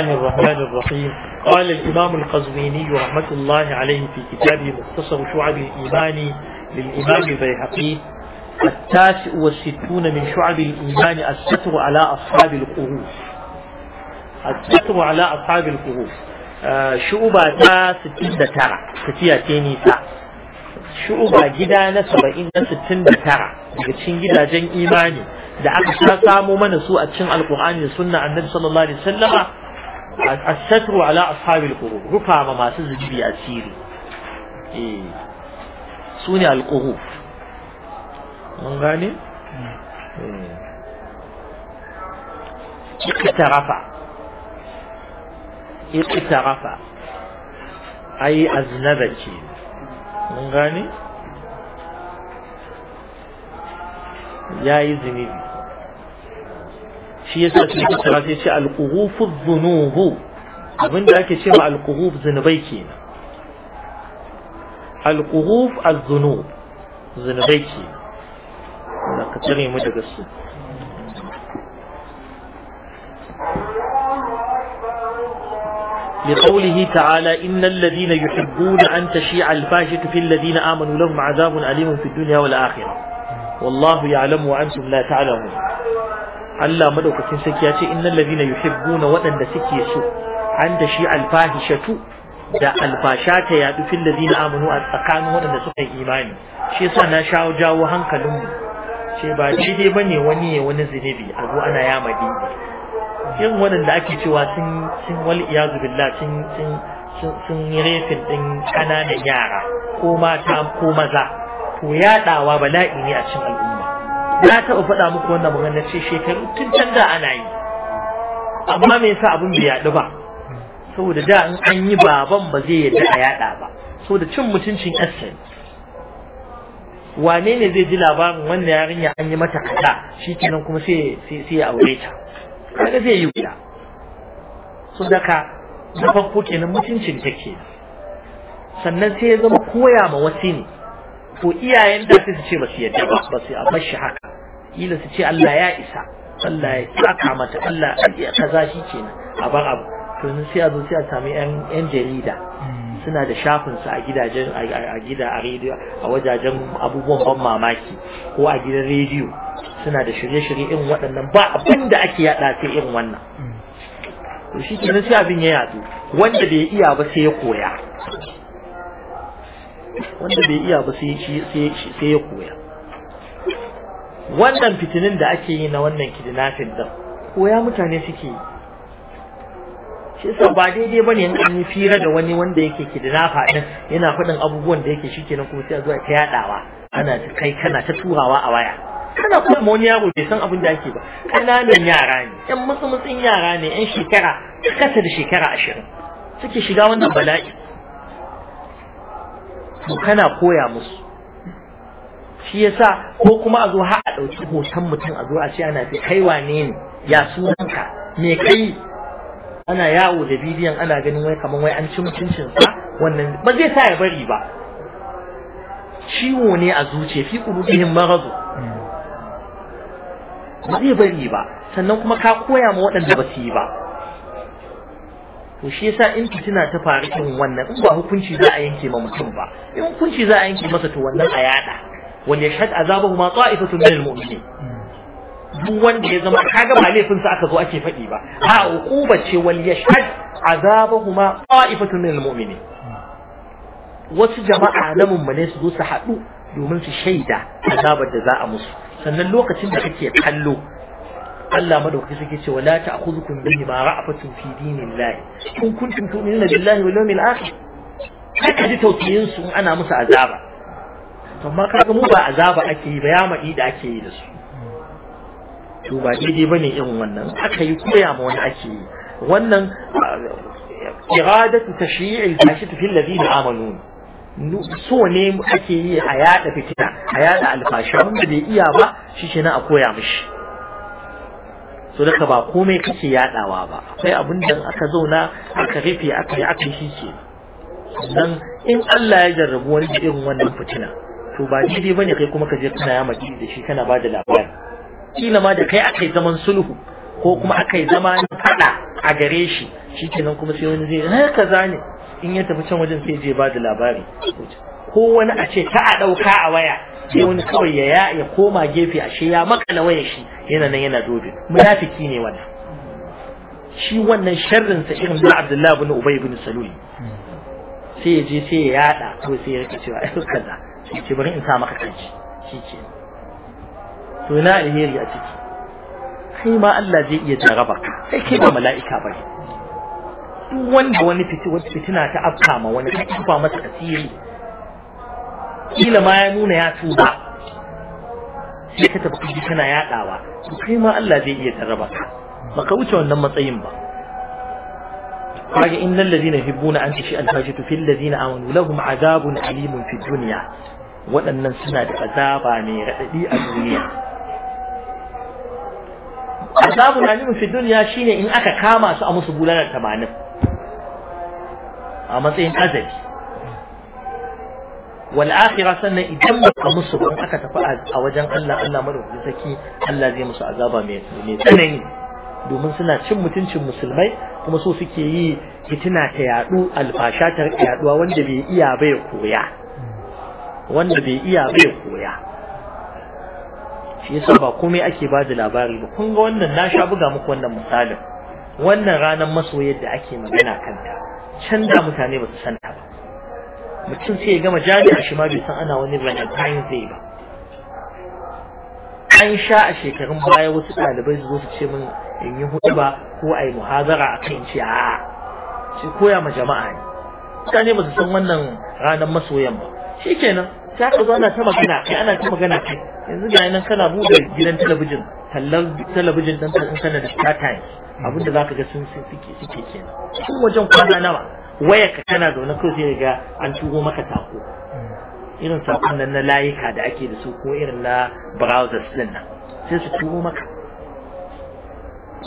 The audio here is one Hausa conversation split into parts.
الله الرحمن الرحيم قال الإمام القزويني رحمة الله عليه في كتابه مختصر شعب الإيمان للإمام البيهقي التاسع والستون من شعب الإيمان الستر على أصحاب القروف الستر على أصحاب القروف آه شعبة ستين ترى تتيا تيني تا شعبة جدا نسبة إن ستين ترى لكن جدا جن إيماني da aka sha samo mana su a cikin alkur'ani da sunna annabi sallallahu alaihi wasallama asatru ala ashabil quruf rufa ma masu zubi asiri eh. su ne alquruf mun gane eh. mun gane ya yi zunubi shi yasa sai ka tsara sai ce al-qughufuz abin da ake cewa al-qughuf zunubai kenan al-qughuf az-dhunub zunubai kenan Allah ka tsare mu daga su لقوله تعالى إن الذين يحبون أن تشيع الفاحشة في الذين آمنوا لهم عذاب أليم في الدنيا والآخرة والله يعلم وأنتم لا تعلمون Allah madaukakin saki ya ce innal ladina yuhibbuna waɗanda suke so an shi alfahishatu da alfasha ta yadu fil ladina amanu a tsakanin waɗanda suka yi imani shi yasa na shawo jawo hankalin mu ce ba daidai bane wani ya wani zinibi, a zo ana yama dindi yin waɗanda ake cewa sun sun wal iyazu billah sun sun sun yi refin din ƙananan yara ko mata ko maza to yaɗawa bala'i ne a cikin al'umma na taɓa faɗa muku wannan magana ce shekaru tun can da ana yi amma me yasa abin bai yaɗu ba saboda da in an yi baban ba zai yadda a yaɗa ba saboda cin mutuncin asali wane ne zai ji labarin wannan yarinya an yi mata kaza shikenan kuma sai ya aure ta kaga zai yi wuya so daka na farko kenan mutuncin take sannan sai ya zama koya ma wasu ne Ko iyayen da sai su ce ba su yadda ba ba su a bar shi haka kila su ce Allah ya isa Allah ya saka mata Allah ya kaza shi kenan a bar abu to sai a zo sai a sami yan jarida mm. suna da su a gidajen a gida a rediyo a wajajen abubuwan ban mamaki ko a gidan rediyo suna da shirye-shirye irin waɗannan ba abin da ake yaɗa sai irin wannan mm. to shi kenan sai abin ya yadu. wanda bai iya ba sai ya koya wanda bai iya ba sai ya koya wannan fitinin da ake yi na wannan kidnapping din ko ya mutane suke shi sa ba daidai bane in an yi fira da wani wanda yake kidnapper din yana faɗin abubuwan da yake shikenan kuma sai a zuwa ta yadawa ana ta kai kana ta turawa a waya kana kuma ma wani yaro bai san abin da ake ba kananan yara ne yan mutsumutsin yara ne yan shekara kasa da shekara ashirin suke shiga wannan bala'i to kana koya musu shi yasa ko kuma a zo har a ɗauki hoton mutum a zo a ce ana fi kai wane ne ya sunanka me kai ana yawo da bidiyon ana ganin wai kamar wai an ci mutuncin sa wannan ba zai sa ya bari ba ciwo ne a zuciya fi qulubihim marazu ba zai bari ba sannan kuma ka koya ma waɗanda ba su yi ba to shi yasa in fitina ta faru wannan in ba hukunci za a yanke ma mutum ba in hukunci za a yanke masa to wannan a yada wal yashhad azabahuma ta'ifatun min almu'minin duk wanda ya zama kaga ba laifin sa aka zo ake faɗi ba a uquba ce wal yashhad azabahuma ta'ifatun min almu'minin wasu jama'a na mummune su zo su haɗu domin su shaida azabar da za a musu sannan lokacin da kake kallo Allah madaukaki suke cewa la ta'khudhukum bihi ma ra'afatun fi dinillahi kun kuntum tu'minuna billahi wal yawmil akhir kada ji tausayin su ana musu azaba to ma kaga mu ba azaba ake yi ba ya ma'i da ake yi da su to ba daidai bane irin wannan aka yi koya ma wani ake yi wannan ah, iradatu tashyi'il fashit fil ladina amanu so ne ake yi a yada fitina a yada alfashi wanda bai iya ba shi kenan a koya mishi so daga ba komai kake yadawa ba akwai abin da aka zauna aka rufe aka yi aka shi ke sannan in Allah ya jarrabu wani irin wannan fitina to ba daidai bane kai kuma ka je kana ya maki da shi kana bada labari kila ma da kai akai zaman sulhu ko kuma akai zama fada a gare shi shikenan kuma sai wani zai ha eh, kaza ne in ya tafi can wajen sai je da labari ko wani a ce ta a dauka a waya sai wani kawai ya ya koma gefe ashe ya makala waya shi yana nan yana dobe munafiki ne wannan shi wannan sharrin sa irin da Abdullahi ibn Ubay ibn Salul sai ya je sai ya yada ko sai ya rika cewa ai eh, kaza sai ce bari in sa maka kanci shi ce to na alheri a ciki kai ma Allah zai iya jaraba ka sai kai ba mala'ika bane duk wanda wani fiti wata fitina ta afka ma wani ta kifa masa asiri kila ma ya nuna ya tuba sai ka tafi kuji kana yadawa to kai ma Allah zai iya jaraba ka baka wuce wannan matsayin ba قال إن الذين يحبون أن تشيء الفاحشة في الذين آمنوا لهم عذاب أليم في الدنيا waɗannan suna da azaba mai raɗaɗi a duniya azabu na nufin fi duniya shine in aka kama su a musu bulalar tamanin a matsayin azabi wal akhira sannan idan ba musu ba aka tafi a wajen Allah Allah madaukakin saki Allah zai musu azaba mai tsanani domin suna cin mutuncin musulmai kuma so suke yi fitina ta yaɗu alfasha ta yaɗuwa wanda bai iya bai koya wanda bai iya bai koya shi yasa ba komai ake ba da labari ba kun ga wannan na sha buga muku wannan misalin wannan ranar masoyar da ake magana kanta can da mutane ba su san ta ba mutum sai ya gama jami'a shi ma bai san ana wani kayan zai ba an sha a shekarun baya wasu ɗalibai su zo su ce min in yi hudu ba ko a yi muhazara a kan ce a ce koya ma jama'a ne mutane ba su san wannan ranar masoyan ba shikenan sai ta zo ana ta magana kai ana ta magana kai yanzu ga nan kana buɗe gidan talabijin tallan talabijin dan kan sanar da Abin da za ka ga sun suke suke kenan sun wajen kwana nawa waya ka tana zaune kawai sai ga an tugo maka tako irin sakon nan na layuka da ake da su ko irin na browsers din nan sai su tugo maka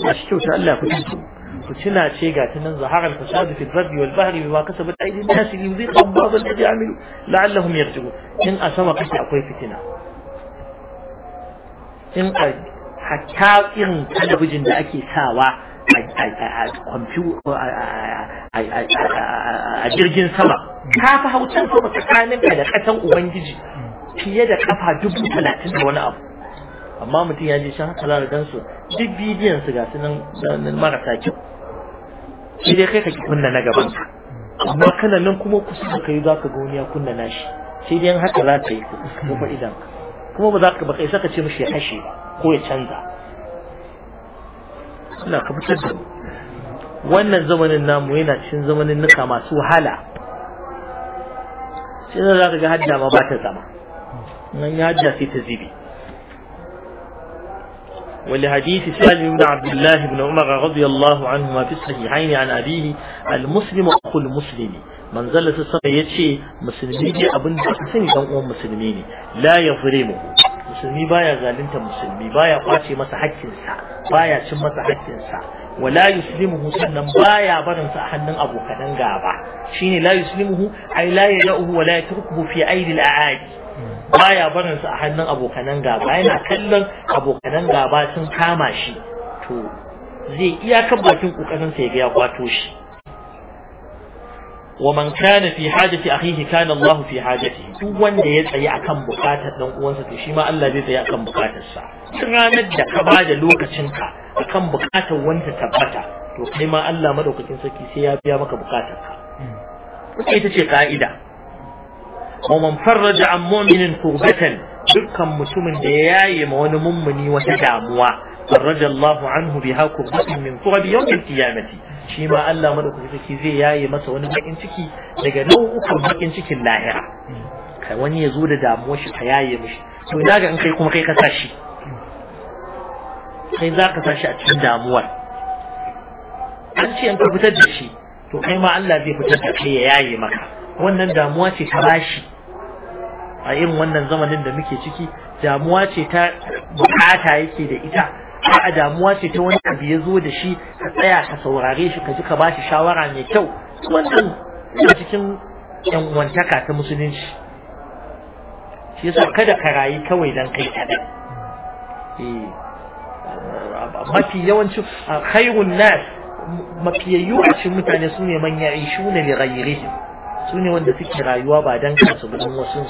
ya shi kyauta Allah ya fitar فتنا شيء قاتلنا ظهر الفساد في البر والبحر بما كسبت أيدي الناس ليذيقهم بعض الذي عملوا لعلهم يرجعون إن أسمى قتل أقوي فتنة إن حتى إن تلفزيون da ake sawa a jirgin sama ka fi hautar sama tsakanin da ƙasan ubangiji fiye da kafa dubu talatin da wani abu amma mutum ya je shan haka za su duk bidiyon su ga su nan marasa kyau shi dai kai kake kunna na gaban ka amma kana nan kuma kusa da kai za ka ga wani ya kunna nashi sai dai haka za ta yi ko kuma idan kuma ba za ka baka isa ka ce mishi ya kashe ko ya canza Allah ka fitar da wannan zamanin namu yana cikin zamanin nuka masu wahala sai za ka ga hadda ma ba ta zama nan ya hadda sai ta zibi ولحديث سالم بن عبد الله بن عمر رضي الله عنهما في الصحيحين عن أبيه المسلم أخو المسلم من زل سسمى يتشي مسلمي أبن حسن دمو مسلمين لا يظلمه musulmi baya zalunta musulmi baya kwace masa haƙƙinsa baya cin masa haƙƙinsa wala yuslimuhu sannan baya barin sa a hannun abokanan gaba shine la yuslimuhu ai la yad'uhu wala yatrukuhu fi aidi baya barin su a hannun abokanan gaba yana kallon abokanan gaba sun kama shi to zai iya kan bakin kokarin sa ya ga kwato shi wa man kana fi hajati akhihi kana Allah fi hajati duk wanda ya tsaye akan bukatar dan uwansa to shi ma Allah zai tsaye akan bukatar sa ranar da ka bada lokacin ka akan bukatar wanda tabbata to kai ma Allah madaukakin sarki sai ya biya maka bukatar ka ita ce ka'ida wa man farraja an mu'minin kurbatan dukkan mutumin da ya yaye ma wani mummuni wata damuwa farraja Allahu anhu biha kurbatan min qurbi yawmil qiyamati shi ma Allah madaukaki zai yaye masa wani bakin ciki daga nau'ukan bakin cikin lahira kai wani ya zo da damuwar shi ta yaye mishi to ina ga in kuma kai ka sa kai za ka a cikin damuwar an ce ka fitar da shi to kai ma Allah zai kai ya yaye maka wannan damuwa ce ta bashi a irin wannan zamanin da muke ciki damuwa ce ta bukata yake da ita a damuwa ce ta wani abu ya zo da shi ka tsaya ka saurare shi ka ji ka bashi shawara mai kyau wannan cikin yan wantaka ta musulunci shi yasa kada ka rayu kawai dan kai kaɗai eh, mafi yawancin khairun nas mafiyayyu a cikin mutane su ne manya ya'ishuna li ghayrihim su ne wanda suke rayuwa ba dan kansu ba dan wasu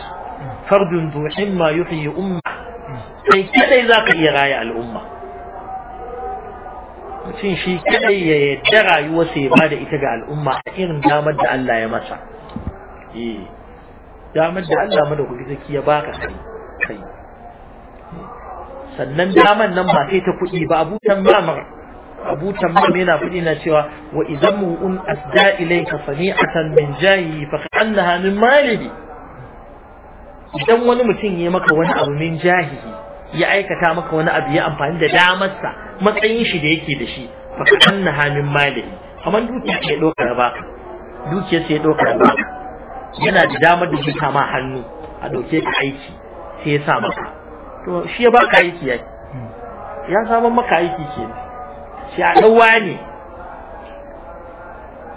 fardun duhin ma yi umma kai kadai za ka iya raya al'umma mutum shi kadai ya yadda rayuwa sai ba da ita ga al'umma a irin damar da Allah ya masa eh, damar da Allah madaukaki zaki ya baka kai kai sannan damar nan ba sai ta kuɗi ba abu tan mamar abu tamam yana faɗi na cewa wa idan mu'un asda ilayka sani'atan min jahi fa annaha min malihi idan wani mutum ya maka wani abu min jahi ya aikata maka wani abu ya amfani da damarsa matsayin shi da yake da shi fa annaha min malihi kamar dukiya ce dokar ba dukiya ce dokar ba yana da damar da zai kama hannu a dauke ka aiki sai ya sa maka to shi ya baka aiki ya ya samu maka aiki kenan sai a ɗauwa ne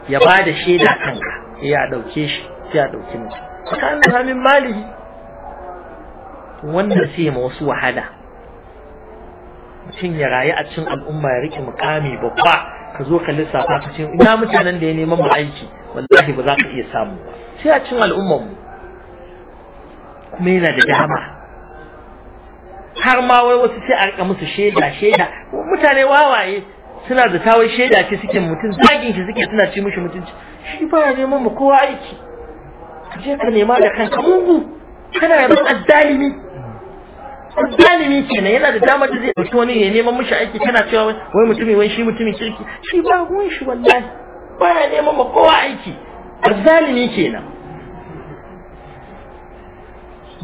ya ba da shaida kanka ya ɗauke shi ya ɗauki mutum tsakanin hamin malihi wanda sai ma wasu wahala mutum ya rayu a cikin al'umma ya rike mukami babba ka zo ka lissafa ka ce ina mutanen da ya neman mu aiki wallahi ba za ka iya samu ba sai a cikin al'ummar mu kuma yana da dama har ma wai wasu sai a rika musu shaida shaida mutane wawaye suna da tawai shaida ce suke mutum zagin shi suke suna ci mishi mutunci shi ba ya neman mu kowa aiki je ka nema da kanka mugu kana yaban addalimi. Addalimi kenan yana da damar da zai dauki wani ya neman mishi aiki kana cewa wai mutumi wai shi mutumin kirki shi ba ruwan shi wallahi ya neman mu kowa aiki Addalimi kenan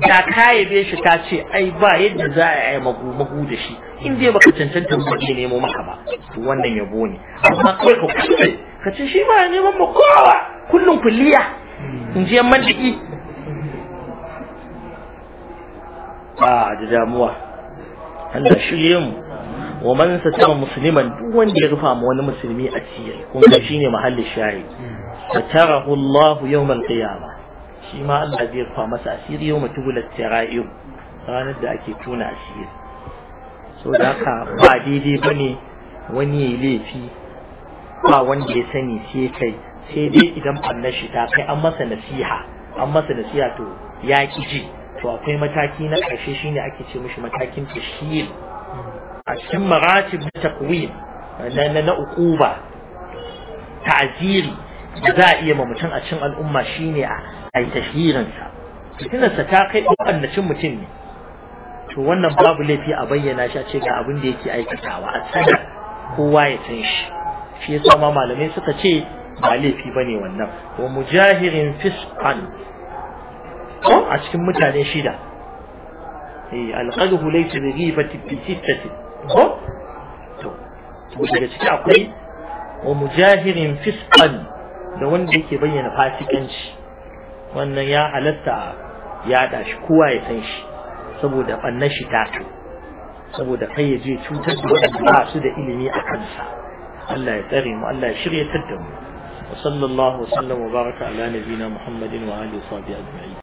da ka yabe shi ta ce ai ba yadda za a yi magu da shi in dai baka cancanta mu ne nemo maka ba to wannan yabo ne amma kai ka kuce ka ce shi ba neman mu kowa kullum kulliya in je mantiki ba da damuwa Allah shirye mu wa man satama musliman duk wanda ya rufa ma wani musulmi asiri kun ga shine mahallin ta satarahu Allah yawmal qiyamah shi ma Allah zai rufa masa asiri yau mutu bulat sara'iyu ranar da ake tona asiri so da haka ba daidai ba ne wani ya yi laifi ba wanda ya sani sai kai sai dai idan ɓannar shi ta kai an masa nasiha an masa nasiha to ya ki ji to akwai mataki na ƙarshe shine ake ce mishi matakin tashil a cikin maratib takwin na na ukuba ta'ziri da za a iya ma mutum a cikin al'umma shine a a yi tashirinsa fitinarsa ta kai cin mutum ne to wannan babu laifi a bayyana shi a ce ga abin da yake aikatawa a tsada kowa ya san shi shi yasa ma malamai suka ce ba laifi bane wannan wa mujahirin fisqan a cikin mutane shida eh alqadhu laysa bi ghibati bi sittati ko to daga ciki akwai wa mujahirin fisqan da wanda yake bayyana fasikanci wannan ya halatta ya da shi kowa ya san shi saboda bannan shi ta to saboda kai ya je cutar da wanda ba su da ilimi a kansa Allah ya tsare mu Allah ya shirye da mu وصلى الله وسلم وبارك على نبينا محمد وآله وصحبه أجمعين